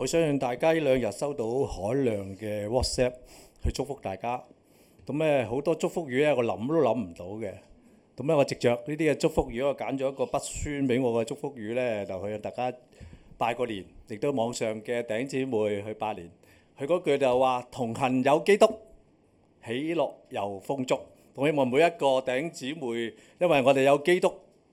我相信大家呢兩日收到海量嘅 WhatsApp 去祝福大家。咁咧好多祝福語咧，我諗都諗唔到嘅。咁咧我藉著呢啲嘅祝福語，我揀咗一個筆書俾我嘅祝福語咧，就去大家拜個年，亦都網上嘅頂姊妹去拜年。佢嗰句就話：同行有基督，喜樂又豐足。我希望每一個頂姊妹，因為我哋有基督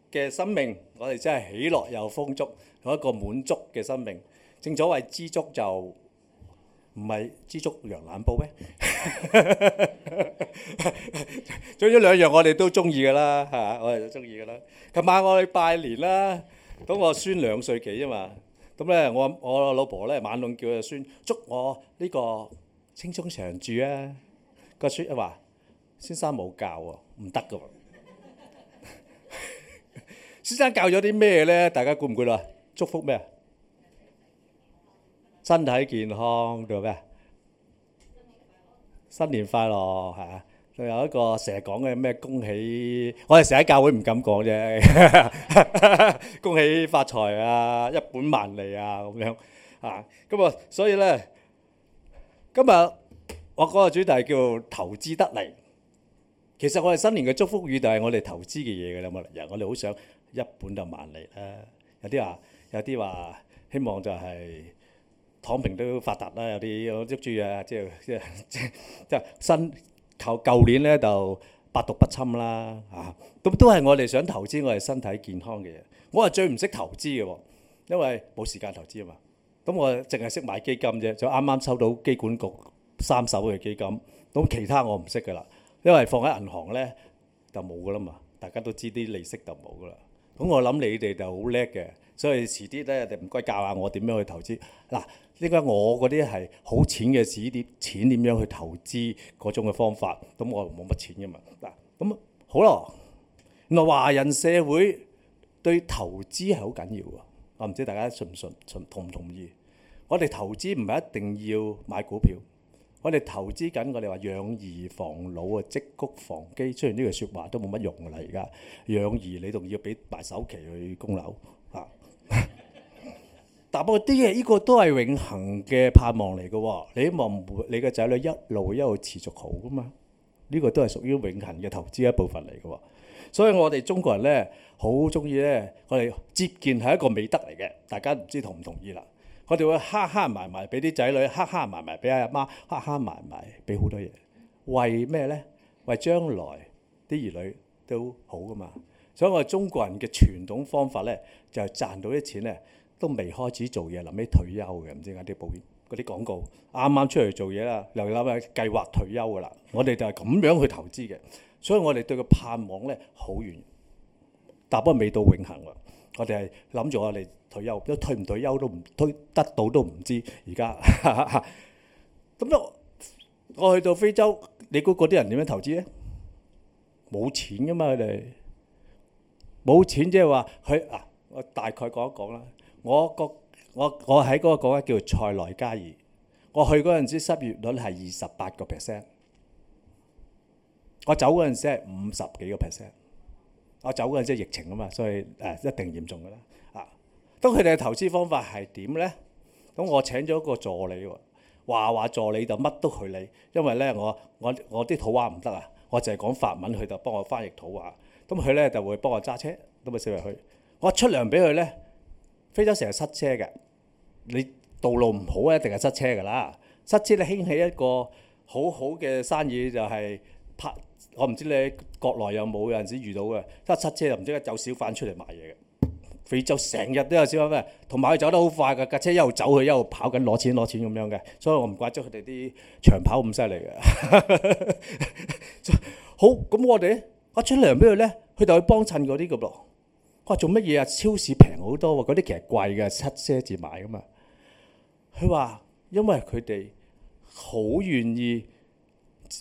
嘅生命，我哋真係喜樂又豐足，有一個滿足嘅生命。正所謂知足就唔係知足羊腩煲咩？仲有兩樣我哋都中意噶啦，係我哋都中意噶啦。琴晚我去拜年啦，咁我孫兩歲幾啫嘛，咁咧我我老婆咧晚瞓叫佢孫祝我呢個青春常駐啊！個孫話：先生冇教喎，唔得噶喎。先生教咗啲咩咧？大家估唔估到啊？祝福咩啊？身體健康做咩？新年快樂，係啊！仲有一個成日講嘅咩？恭喜！我哋成日喺教會唔敢講啫。恭喜發財啊！一本萬利啊！咁樣啊！咁啊，所以咧，今日我講嘅主題叫投資得利。其實我哋新年嘅祝福語就係我哋投資嘅嘢㗎啦嘛。人我哋好想一本就萬利啦。有啲話，有啲話，希望就係。躺平都發達啦，有啲捉住啊，即係即係即係新舊舊年咧就百毒不侵啦嚇，咁都係我哋想投資我哋身體健康嘅嘢，我係最唔識投資嘅喎，因為冇時間投資啊嘛，咁我淨係識買基金啫，就啱啱收到機管局三手嘅基金，咁其他我唔識噶啦，因為放喺銀行咧就冇噶啦嘛，大家都知啲利息就冇噶啦，咁我諗你哋就好叻嘅。所以遲啲咧，哋唔該教下我點樣去投資嗱。應該我嗰啲係好淺嘅紙碟，錢點樣去投資嗰種嘅方法，咁我冇乜錢噶嘛嗱。咁好咯。原來華人社會對投資係好緊要啊！我唔知大家信唔信、同唔同意？我哋投資唔係一定要買股票，我哋投資緊我哋話養兒防老啊，積谷防饑。雖然呢句説話都冇乜用啦，而家養兒你仲要俾埋首期去供樓。但係，啲嘢呢個都係永恆嘅盼望嚟嘅，哦。你希望你嘅仔女一路一路持續好噶嘛？呢、這個都係屬於永恆嘅投資一部分嚟嘅，哦。所以我哋中國人咧，好中意咧，我哋節儉係一個美德嚟嘅。大家唔知同唔同意啦？我哋會慳慳埋埋俾啲仔女，慳慳埋埋俾阿媽，慳慳埋埋俾好多嘢，為咩咧？為將來啲兒女都好噶嘛？所以我哋中國人嘅傳統方法咧，就係賺到啲錢咧。都未開始做嘢，臨尾退休嘅，唔知點解啲保險嗰啲廣告，啱啱出嚟做嘢啦，又諗下計劃退休噶啦。我哋就係咁樣去投資嘅，所以我哋對個盼望咧好遠，但不過未到永恆喎。我哋係諗住我哋退休，都退唔退休都唔退得到都唔知。而家咁多我去到非洲，你估嗰啲人點樣投資咧？冇錢噶嘛佢哋，冇錢即係話佢嗱，我大概講一講啦。我，我個我我喺嗰個國家叫做塞內加爾。我去嗰陣時失業率係二十八個 percent。我走嗰陣時係五十幾個 percent。我走嗰陣即疫情啊嘛，所以誒、啊、一定嚴重噶啦啊。當佢哋嘅投資方法係點咧？咁我請咗個助理喎，話話助理就乜都佢理，因為咧我我我啲土話唔得啊，我淨係講法文，佢就幫我翻譯土話。咁佢咧就會幫我揸車，咁啊四圍去。我出糧俾佢咧。非洲成日塞車嘅，你道路唔好咧，一定係塞車噶啦。塞車咧興起一個好好嘅生意，就係拍。我唔知你國內有冇，有陣時遇到嘅，即係塞車又唔即刻有小販出嚟賣嘢嘅。非洲成日都有小販，同埋佢走得好快嘅，架車一路走去一路跑緊攞錢攞錢咁樣嘅。所以我唔怪得佢哋啲長跑咁犀利嘅。好，咁我哋呢，一出糧俾佢咧，佢就去幫襯嗰啲咁咯。哇、啊！做乜嘢啊？超市平好多喎，嗰、哦、啲其實貴嘅，七些至買㗎嘛。佢話因為佢哋好願意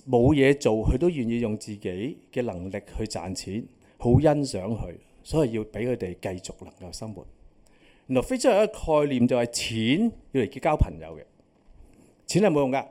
冇嘢做，佢都願意用自己嘅能力去賺錢，好欣賞佢，所以要俾佢哋繼續能夠生活。原來非洲有一個概念就係錢要嚟結交朋友嘅，錢係冇用㗎。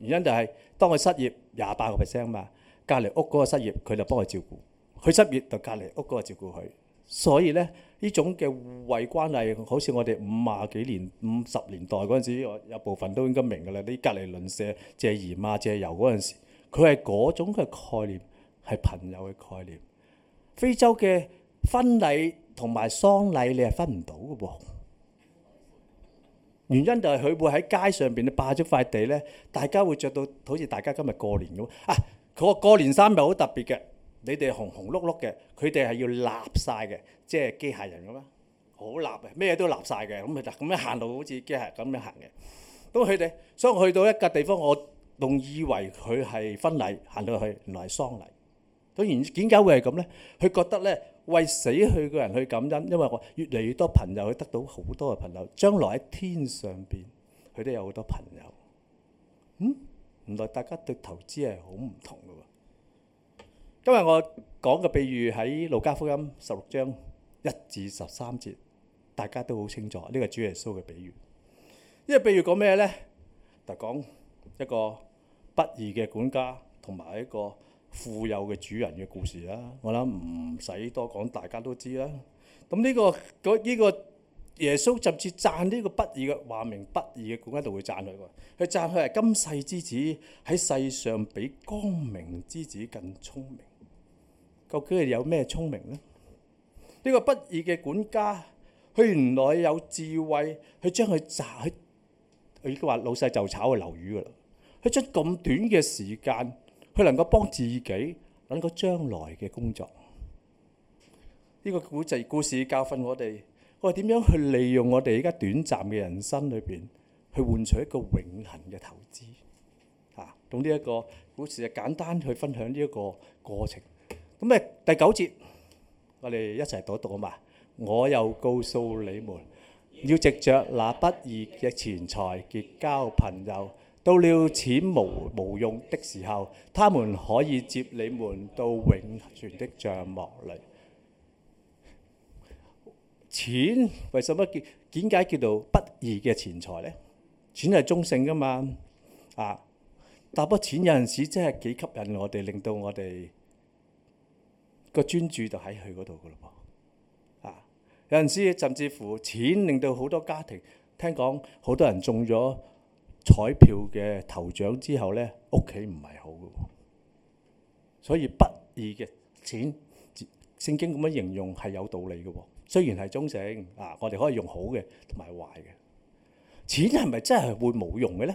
原因就係當佢失業廿八個 percent 嘛，隔離屋嗰個失業，佢就幫佢照顧；佢失業就隔離屋嗰個照顧佢。所以咧，呢種嘅互惠關係，好似我哋五啊幾年、五十年代嗰陣時，有部分都應該明㗎啦。啲隔離鄰舍借鹽啊、借油嗰陣時，佢係嗰種嘅概念，係朋友嘅概念。非洲嘅婚禮同埋喪禮，你係分唔到嘅噃。原因就係佢會喺街上邊霸咗塊地咧，大家會著到好似大家今日過年咁啊！佢個過年衫又好特別嘅。你哋紅紅碌碌嘅，佢哋係要立晒嘅，即係機械人咁樣，好立嘅，咩都立晒嘅，咁咪就咁樣行到好似機械咁樣行嘅。咁佢哋，所以我去到一笪地方，我仲以為佢係婚禮，行到去原來係喪禮。當然，點解會係咁咧？佢覺得咧，為死去嘅人去感恩，因為我越嚟越多朋友，佢得到好多嘅朋友，將來喺天上邊，佢都有好多朋友。嗯，原來大家對投資係好唔同。今日我講嘅比喻喺路加福音十六章一至十三節，大家都好清楚，呢個主耶穌嘅比喻。呢、這個比喻講咩呢？就講一個不義嘅管家同埋一個富有嘅主人嘅故事啦。我諗唔使多講，大家都知啦。咁、這、呢個呢、這個耶穌甚至讚呢個不義嘅話明不義嘅管家都讚，就會讚佢。佢讚佢係今世之子喺世上比光明之子更聰明。究竟佢有咩聰明呢？呢個不義嘅管家，佢原來有智慧，佢將佢賺佢已佢話老細就炒宇去魷魚㗎喇。佢出咁短嘅時間，佢能夠幫自己揾個將來嘅工作。呢個故仔故事教訓我哋，我哋點樣去利用我哋而家短暫嘅人生裏邊，去換取一個永恆嘅投資啊？咁呢一個故事就簡單去分享呢一個過程。咁誒第九節，我哋一齊讀一讀啊嘛！我又告訴你們，要藉著那不義嘅錢財結交朋友，到了錢無無用的時候，他們可以接你們到永存的帳幕裏。錢為什麼叫點解叫做不義嘅錢財呢？錢係中性噶嘛，啊，但不錢有陣時真係幾吸引我哋，令到我哋個專注就喺佢嗰度噶咯噃，啊有陣時甚至乎錢令到好多家庭，聽講好多人中咗彩票嘅頭獎之後咧，屋企唔係好嘅喎。所以不義嘅錢，聖經咁樣形容係有道理嘅喎。雖然係中性，啊我哋可以用好嘅同埋壞嘅。錢係咪真係會冇用嘅咧？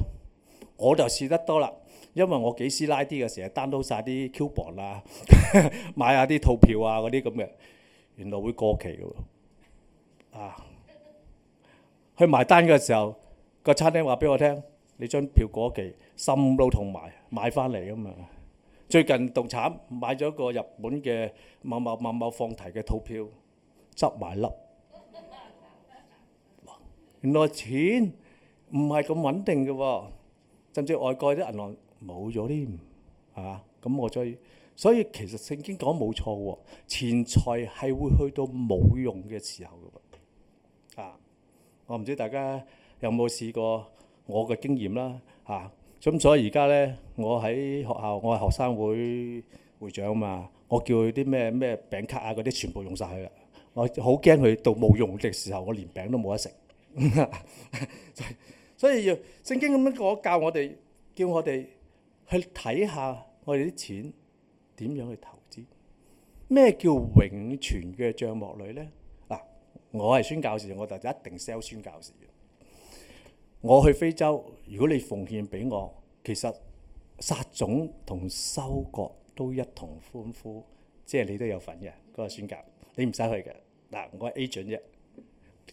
我就試得多啦。因為我幾師奶啲嘅，成日 download 晒啲 coupon 啦， 買下啲套票啊嗰啲咁嘅，原來會過期嘅喎啊，啊！去埋單嘅時候，個餐廳話俾我聽：你張票過期，心都痛埋買翻嚟㗎嘛。」最近仲慘，買咗個日本嘅某某某某某某放題嘅套票，執埋笠，原來錢唔係咁穩定嘅喎，啊，甚至外國啲銀行。冇咗添，啊！咁我再，所以其實聖經講冇錯喎、啊，錢財係會去到冇用嘅時候啊。啊！我唔知大家有冇試過，我嘅經驗啦、啊，啊！咁所以而家咧，我喺學校，我係學生會會長啊嘛，我叫佢啲咩咩餅卡啊嗰啲全部用晒佢啦。我好驚佢到冇用嘅時候，我連餅都冇得食。 所以要聖經咁樣講教我哋，叫我哋，去睇下我哋啲錢點樣去投資？咩叫永存嘅帳幕裏咧？嗱，我係宣教士，我就一定 sell 宣教士嘅。我去非洲，如果你奉獻俾我，其實撒種同收割都一同歡呼，即係你都有份嘅。嗰個宣教，你唔使去嘅。嗱，我係 agent 啫，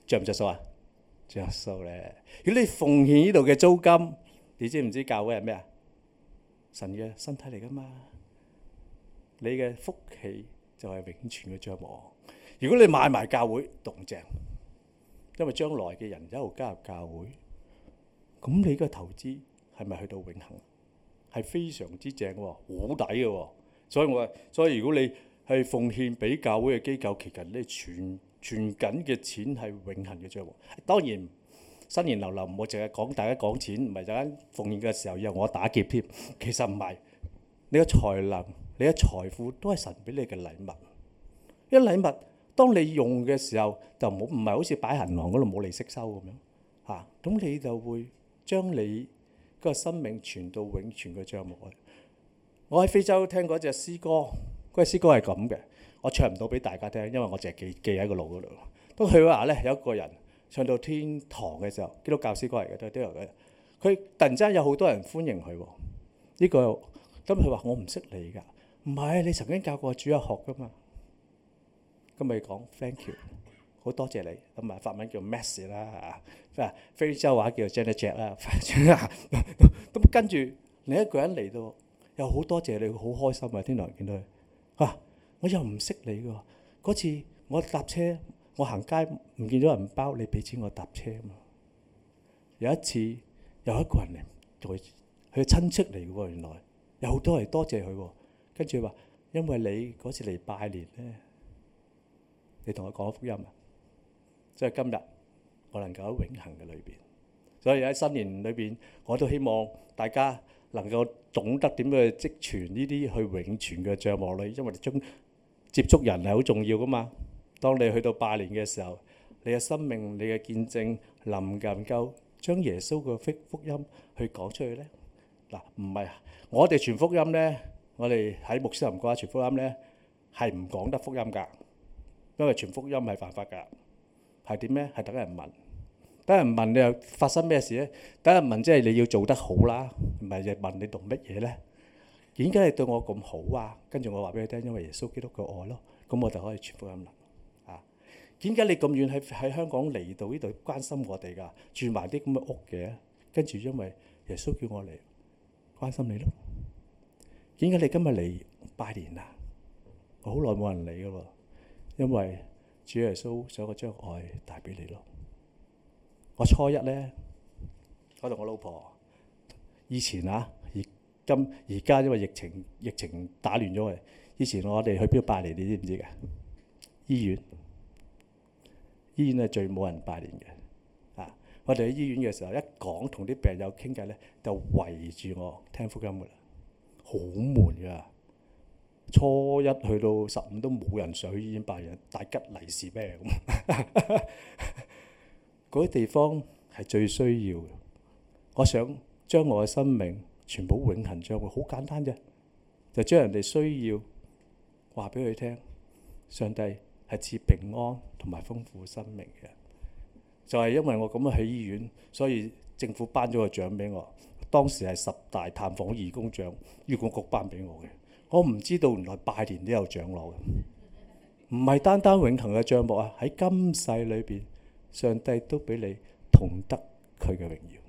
着唔着數啊？着數咧。如果你奉獻呢度嘅租金，你知唔知教會係咩啊？神嘅身體嚟㗎嘛？你嘅福氣就係永存嘅帳幕。如果你買埋教會，仲正，因為將來嘅人一路加入教會，咁你個投資係咪去到永恆？係非常之正喎，好抵嘅喎。所以我話，所以如果你係奉獻俾教會嘅機構，其實你存存緊嘅錢係永恆嘅帳幕，當然。新年流流，唔好淨係講大家講錢，唔係大家奉獻嘅時候以為我打劫添。其實唔係，你嘅才能、你嘅財富都係神俾你嘅禮物。呢禮物當你用嘅時候，就冇唔係好似擺銀行嗰度冇利息收咁樣嚇。咁你就會將你個生命傳到永存嘅帳目。我喺非洲聽過一隻詩歌，嗰隻詩歌係咁嘅，我唱唔到俾大家聽，因為我淨係記記喺個腦嗰度。都佢話咧，有個人。上到天堂嘅時候，基督教師過嚟嘅都都有嘅。佢突然之間有好多人歡迎佢喎，呢個，咁佢話：我唔識你㗎，唔係你曾經教過主日學㗎嘛。咁咪講 Thank you，好多謝你。咁啊法文叫 mess 啦嚇，啊非洲話叫 jane jet 啦。咁跟住另一個人嚟到，又好多謝你好開心啊！天堂見到佢，啊我又唔識你㗎喎，嗰次我搭車。我行街唔見咗銀包，你俾錢我搭車嘛？有一次有一個人嚟，佢嘅親戚嚟嘅喎。原來有好多係多謝佢、啊，跟住話因為你嗰次嚟拜年咧，你同我講福音，即係今日我能夠喺永恆嘅裏邊。所以喺新年裏邊，我都希望大家能夠懂得點樣去積存呢啲去永存嘅帳目裏，因為你接觸人係好重要噶嘛。當你去到八年嘅時候，你嘅生命、你嘅見證，能唔能夠將耶穌嘅福音去講出去呢？嗱，唔係我哋傳福音呢，我哋喺穆斯林國家傳福音呢，係唔講得福音噶，因為傳福音係犯法噶。係點呢？係等人問，等人問你又發生咩事呢？等人問即係你要做得好啦，唔係又問你做乜嘢呢？點解你對我咁好啊？跟住我話俾你聽，因為耶穌基督嘅愛咯，咁我就可以傳福音啦。點解你咁遠喺喺香港嚟到呢度關心我哋㗎？住埋啲咁嘅屋嘅？跟住因為耶穌叫我嚟，關心你咯。點解你今日嚟拜年啊？我好耐冇人嚟嘅喎，因為主耶穌想我將愛帶俾你咯。我初一咧，我同我老婆以前啊，而今而家因為疫情，疫情打亂咗我哋。以前我哋去邊度拜年，你知唔知㗎？醫院。醫院係最冇人拜年嘅，啊！我哋喺醫院嘅時候，一講同啲病友傾偈咧，就圍住我聽福音噶啦，好悶㗎。初一去到十五都冇人上去醫院拜年，大吉利是咩咁？嗰啲地方係最需要嘅。我想將我嘅生命全部永恆將會，好簡單啫，就將人哋需要話俾佢聽。上帝，係賜平安同埋豐富生命嘅，就係、是、因為我咁樣去醫院，所以政府頒咗個獎俾我。當時係十大探訪義工獎，醫管局頒俾我嘅。我唔知道原來拜年都有獎攞嘅，唔係單單永恆嘅帳目啊！喺今世裏邊，上帝都俾你同得佢嘅榮耀。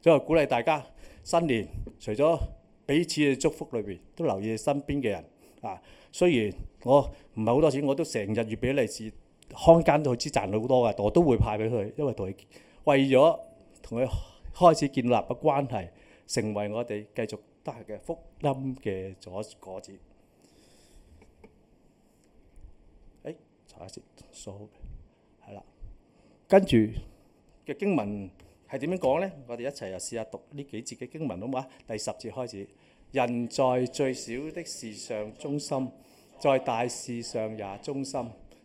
所以鼓勵大家新年，除咗彼此嘅祝福裏邊，都留意身邊嘅人啊！雖然我唔係好多錢，我都成日月俾利是，看間都好似賺到好多㗎，我都會派俾佢，因為同佢為咗同佢開始建立嘅關係，成為我哋繼續得嘅福音嘅左果子。誒，查一隻數，係啦，跟住嘅經文係點樣講咧？我哋一齊又試下讀呢幾節嘅經文好唔好？第十節開始。人在最小的事上忠心，在大事上也忠心；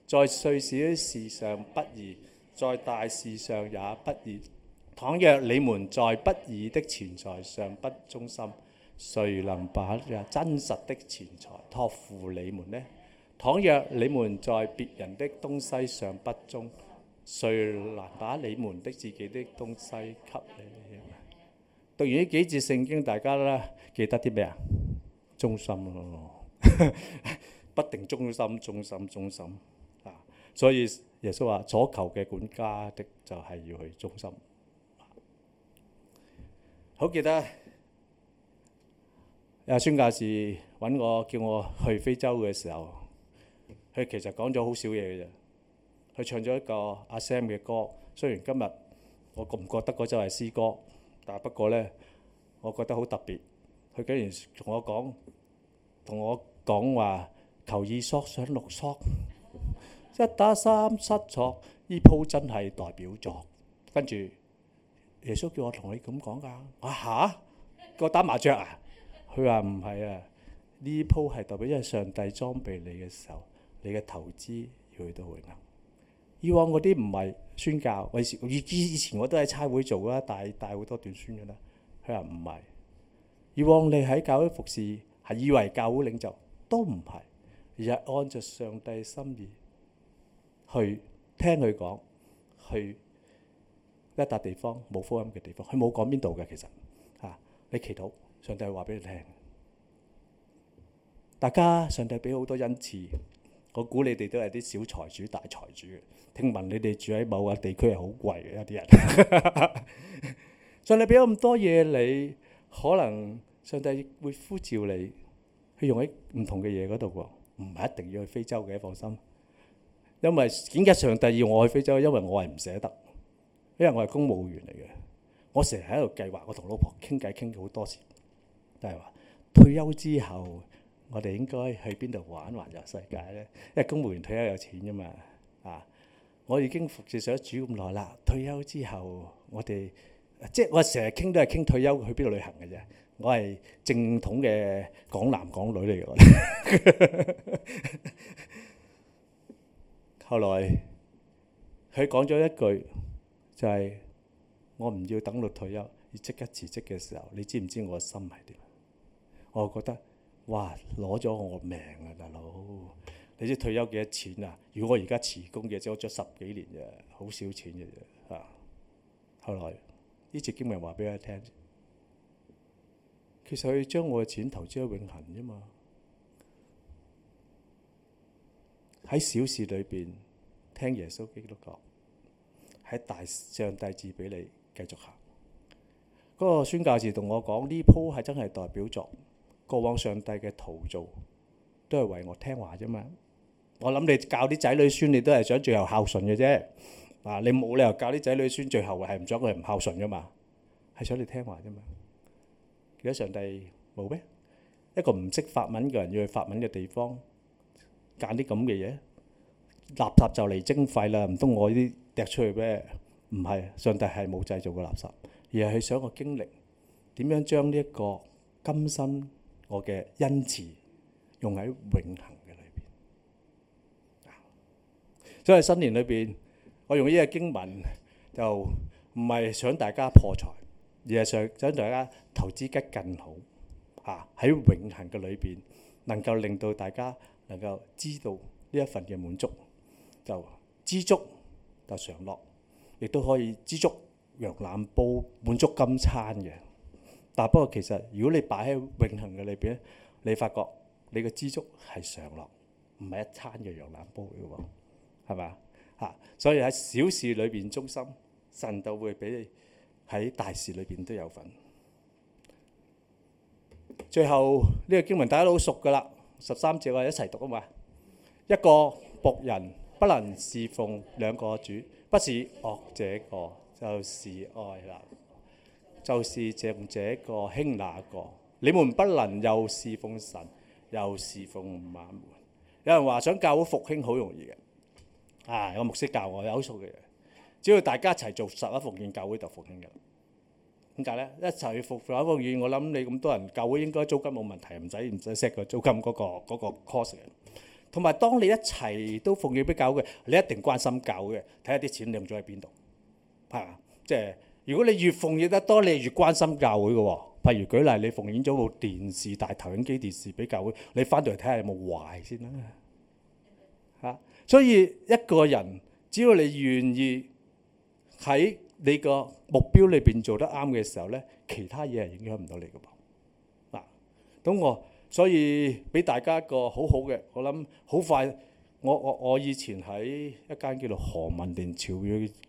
在最小的事上不義，在大事上也不義。倘若你們在不義的錢財上不忠心，誰能把真實的錢財託付你們呢？倘若你們在別人的東西上不忠，誰能把你們的自己的東西給你？讀完呢幾節聖經，大家咧記得啲咩啊？忠心咯，不定忠心，忠心，忠心啊！所以耶穌話所求嘅管家的就係要去忠心。好記得阿宣教士揾我叫我去非洲嘅時候，佢其實講咗好少嘢嘅，佢唱咗一個阿 Sam 嘅歌。雖然今日我覺唔覺得嗰首係詩歌。但不過呢，我覺得好特別，佢竟然同我講，同我講話求二索想六索， 一打三失錯，呢鋪真係代表作。跟住耶穌叫我同你咁講噶，啊吓，我打麻雀啊？佢話唔係啊，呢鋪係代表因為上帝裝備你嘅時候，你嘅投資要去到咁以往嗰啲唔係宣教，以以以前我都喺差會做啦，帶帶好多段宣嘅啦。佢話唔係，以往你喺教會服侍係以為教會領袖都唔係，而係按着上帝心意去聽佢講，去一笪地方冇福音嘅地方，佢冇講邊度嘅，其實嚇、啊，你祈禱上帝話俾你聽，大家上帝俾好多恩賜。我估你哋都係啲小財主、大財主嘅。聽聞你哋住喺某個地區係好貴嘅，有啲人。上帝俾咗咁多嘢，你可能上帝會呼召你去用喺唔同嘅嘢嗰度喎，唔係一定要去非洲嘅。放心，因為點解上帝要我去非洲？因為我係唔捨得，因為我係公務員嚟嘅。我成日喺度計劃，我同老婆傾偈傾好多次，就係話退休之後。我哋應該去邊度玩環遊世界咧？因為公務員退休有錢㗎嘛啊！我已經服侍咗主咁耐啦。退休之後，我哋即係我成日傾都係傾退休去邊度旅行嘅啫。我係正統嘅港男港女嚟嘅。我後來佢講咗一句，就係我唔要等到退休，要即刻辭職嘅時候，你知唔知我嘅心係點？我覺得。哇！攞咗我命啊，大佬！你知退休幾多錢啊？如果我而家辭工嘅，只可以做十幾年啫，好少錢嘅啫。啊！後來呢次經文話俾我聽，其實要將我嘅錢投資喺永恆啫嘛。喺小事裏邊聽耶穌基督講，喺大上大字俾你繼續行。嗰、那個孫教士同我講呢鋪係真係代表作。過往上帝嘅徒造都係為我聽話啫嘛。我諗你教啲仔女孫，你都係想最後孝順嘅啫。嗱，你冇理由教啲仔女孫最後係唔想佢唔孝順噶嘛？係想你聽話啫嘛。如果上帝冇咩一個唔識法文嘅人要去法文嘅地方揀啲咁嘅嘢垃圾就嚟徵費啦，唔通我呢啲掟出去咩？唔係上帝係冇製造過垃圾，而係想我經歷點樣將呢一個今生。我嘅恩慈用喺永恆嘅裏邊，所以新年裏邊，我用呢個經文，就唔係想大家破財，而係想想大家投資得更好，啊，喺永恆嘅裏邊，能夠令到大家能夠知道呢一份嘅滿足，就知足就常樂，亦都可以知足羊腩煲滿足金餐嘅。但不過其實，如果你擺喺永恆嘅裏邊咧，你發覺你嘅枝竹係上落，唔係一餐嘅羊腩煲嘅喎，係咪？嚇！所以喺小事裏邊忠心，神就會俾你喺大事裏邊都有份。最後呢個經文大家都好熟㗎啦，十三節啊，我哋一齊讀啊嘛！一個僕人不能侍奉兩個主，不是惡者個，就是愛啦。就是重這個輕那個，你們不能又侍奉神，又侍奉瑪門。有人話想教會復興好容易嘅，啊！有個牧師教我有數嘅嘢，只要大家一齊做十一奉獻，教會就復興嘅。點解咧？一齊去復興十一奉獻，我諗你咁多人教會應該租金冇問題，唔使唔使 set 個租金嗰個嗰個 cost 嘅。同埋當你一齊都奉獻俾教會，你一定關心教會嘅，睇下啲錢你用咗喺邊度，係，即係。如果你越奉獻得多，你越關心教會嘅喎、哦。譬如舉例，你奉獻咗部電視、大投影機、電視俾教會，你翻到嚟睇下有冇壞先啦。嚇、啊！所以一個人，只要你願意喺你個目標裏邊做得啱嘅時候咧，其他嘢係影響唔到你嘅噃。嗱、啊，咁我所以俾大家一個好好嘅，我諗好快。我我我以前喺一間叫做何文連朝語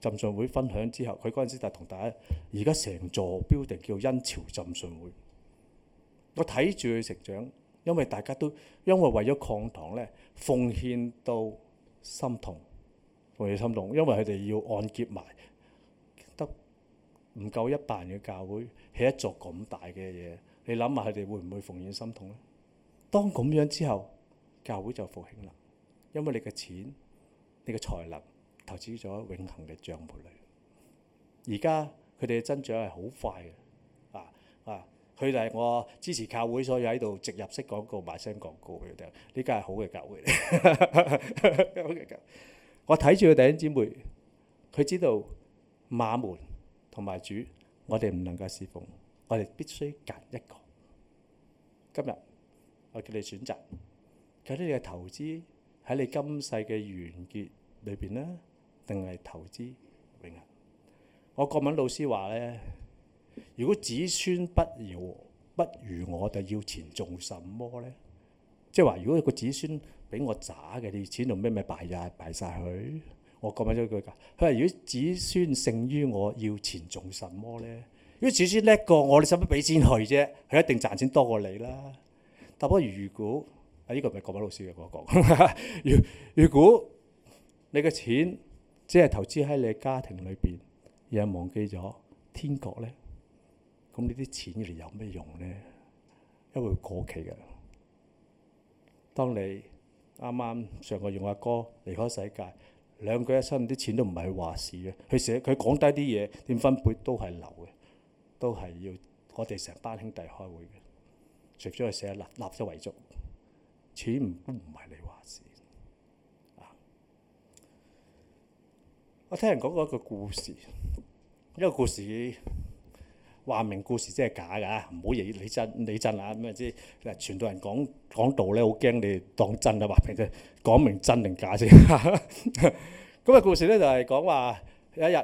何文田潮語浸信會分享之後，佢嗰陣時就同大家：而家成座 building 叫恩潮浸信會。我睇住佢成長，因為大家都因為為咗抗堂咧，奉獻到心痛，奉獻心痛，因為佢哋要按揭埋，得唔夠一百人嘅教會起一座咁大嘅嘢，你諗下佢哋會唔會奉獻心痛咧？當咁樣之後教會就復興啦。因為你嘅錢、你嘅才能投資咗永恆嘅帳簿裏，而家佢哋嘅增長係好快嘅啊啊！佢就係我支持教會所以喺度植入式廣告、買聲廣告嘅。呢家係好嘅教會，我睇住佢弟兄姊妹，佢知道馬門同埋主，我哋唔能夠侍奉，我哋必須揀一個。今日我叫你選擇，究竟你嘅投資。喺你今世嘅完結裏邊咧，定係投資永恆？我國文老師話咧，如果子孫不如不如我，就要錢做什麼咧？即係話，如果個子孫比我渣嘅，你錢用咩咪敗晒敗晒佢？我講緊咗一句㗎，佢話如果子孫勝於我，要錢做什麼咧？如果子孫叻過我，你使乜俾錢佢啫？佢一定賺錢多過你啦。不過如果啊！呢、這個唔係國賓老師嘅講講。如如果你嘅錢只係投資喺你家庭裏邊，而係忘記咗天國咧，咁呢啲錢嚟有咩用咧？因為會過期嘅。當你啱啱上個月我阿哥離開世界，兩個一身啲錢都唔係話事嘅。佢寫佢講低啲嘢點分配都係流嘅，都係要我哋成班兄弟開會嘅，除咗去寫立立咗遺囑。錢都唔係你話事。啊，我聽人講過一個故事，一個故事話明故事真係假噶，唔好嘢，你真你真啊，咁啊知道，傳道人講講道咧，好驚你當真啊，話平就講明真定假先。咁啊、這個、故事咧就係講話有一日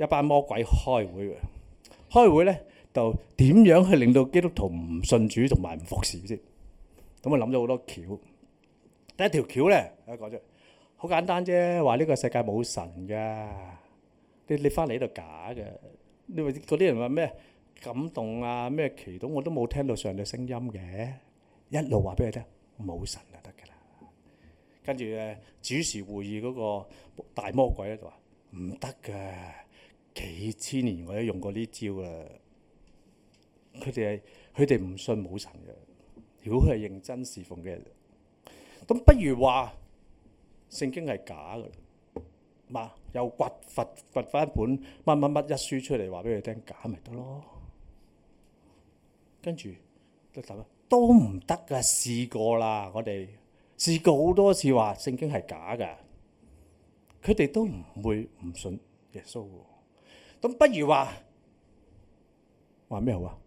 一班魔鬼開會，開會咧就點樣去令到基督徒唔信主同埋唔服侍先。咁啊諗咗好多橋，第一條橋咧，我講咗好簡單啫，話呢個世界冇神噶，你你翻嚟呢度假嘅，你話嗰啲人話咩感動啊咩祈禱，我都冇聽到上帝嘅聲音嘅，一路話俾佢聽冇神就得噶啦，跟住主持會議嗰個大魔鬼喺就話唔得嘅，幾千年我都用過呢招嘅，佢哋係佢哋唔信冇神嘅。如果佢係認真侍奉嘅，咁不如話聖經係假嘅，嘛？又掘佛掘翻本乜乜乜一書出嚟話俾佢聽假咪得咯？跟住都答話都唔得噶，試過啦，我哋試過好多次話聖經係假嘅，佢哋都唔會唔信耶穌嘅。咁不如話話咩好啊？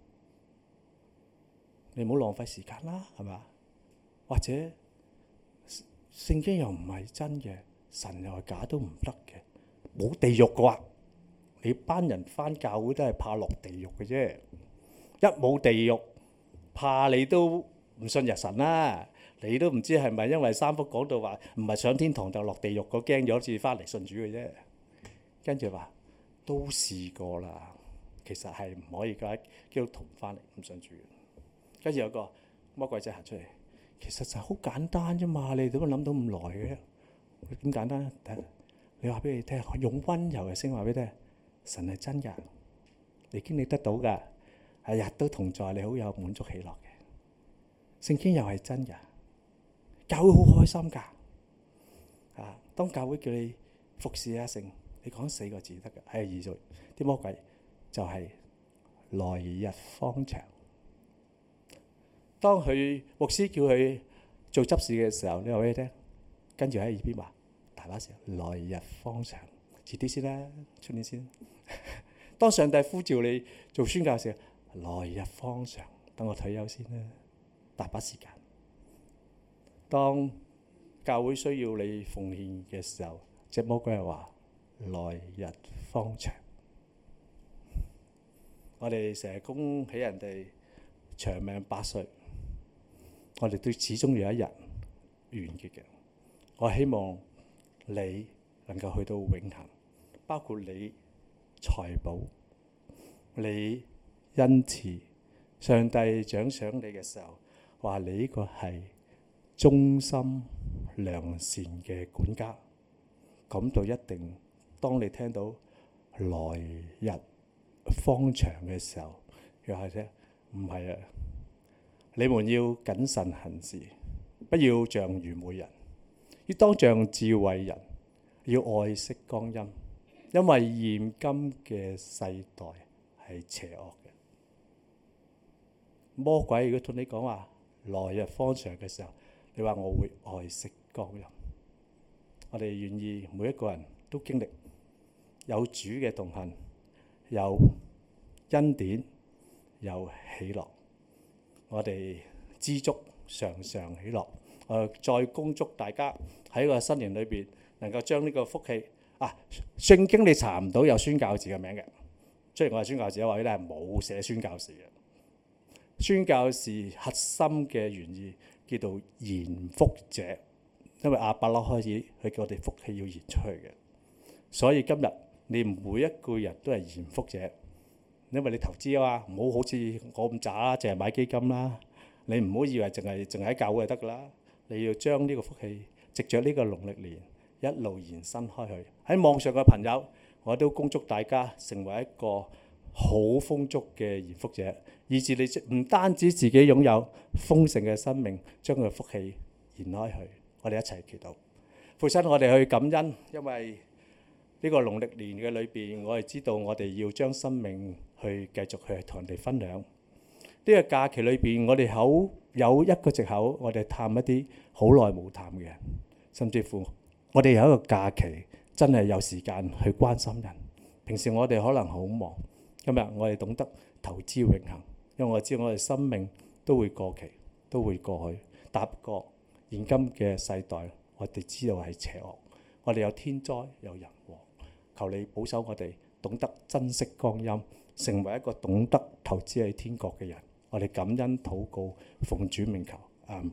你唔好浪費時間啦，係咪？或者聖經又唔係真嘅，神又係假都唔得嘅。冇地獄嘅話，你班人翻教會都係怕落地獄嘅啫。一冇地獄，怕你都唔信日神啦。你都唔知係咪因為三福講到話唔係上天堂就落地獄，我驚咗好似翻嚟信主嘅啫。跟住話都試過啦，其實係唔可以嘅。基督徒翻嚟唔信主。跟住有個魔鬼仔行出嚟，其實就係好簡單啫嘛，你點解諗到咁耐嘅？點簡單，你話俾你聽，用溫柔嘅聲話俾你聽，神係真嘅，你經歷得到嘅，係日都同在，你好有滿足喜樂嘅。聖經又係真嘅，教會好開心噶。啊，當教會叫你服侍阿聖，你講四個字得嘅，係二做。啲魔鬼就係來日方長。當佢牧師叫佢做執事嘅時候，你話俾你聽，跟住喺耳邊話：大把時間，來日方長，遲啲先啦，出年先啦。當上帝呼召你做宣教嘅時候，來日方長，等我退休先啦，大把時間。當教會需要你奉獻嘅時候，隻魔鬼又話：來日方長。我哋成日恭喜人哋長命百歲。我哋都始終有一日完結嘅。我希望你能夠去到永恆，包括你財寶、你恩慈賜。上帝獎賞你嘅時候，話你呢個係忠心良善嘅管家，咁就一定。當你聽到來日方長嘅時候，又係啫，唔係啊！你們要謹慎行事，不要像愚昧人，要當像智慧人，要愛惜光陰，因為現今嘅世代係邪惡嘅。魔鬼如果同你講話，來日方長嘅時候，你話我會愛惜光陰，我哋願意每一個人都經歷有主嘅同行，有恩典，有喜樂。我哋知足，常常喜樂。我、呃、再恭祝大家喺個新年裏邊，能夠將呢個福氣啊！聖經你查唔到有宣教士嘅名嘅，雖然我係宣教士，或者係冇寫宣教士嘅。宣教士核心嘅原意叫做延福者，因為阿伯羅開始，佢叫我哋福氣要延出去嘅。所以今日你每一個人都係延福者。因為你投資啊嘛，唔好好似我咁渣，淨係買基金啦。你唔好以為淨係淨係喺教會就得噶啦，你要將呢個福氣藉著呢個農曆年一路延伸開去。喺網上嘅朋友，我都恭祝大家成為一個好豐足嘅延福者，以致你唔單止自己擁有豐盛嘅生命，將佢嘅福氣延開去。我哋一齊祈禱，父親我哋去感恩，因為呢個農曆年嘅裏邊，我係知道我哋要將生命。去繼續去同人哋分享呢個假期裏邊，我哋好有一個藉口，我哋探一啲好耐冇探嘅，甚至乎我哋有一個假期真係有時間去關心人。平時我哋可能好忙，今日我哋懂得投資永恆，因為我知我哋生命都會過期，都會過去。踏過現今嘅世代，我哋知道係邪惡，我哋有天災有人禍，求你保守我哋，懂得珍惜光陰。成為一個懂得投資喺天國嘅人，我哋感恩禱告，奉主名求啊！Um.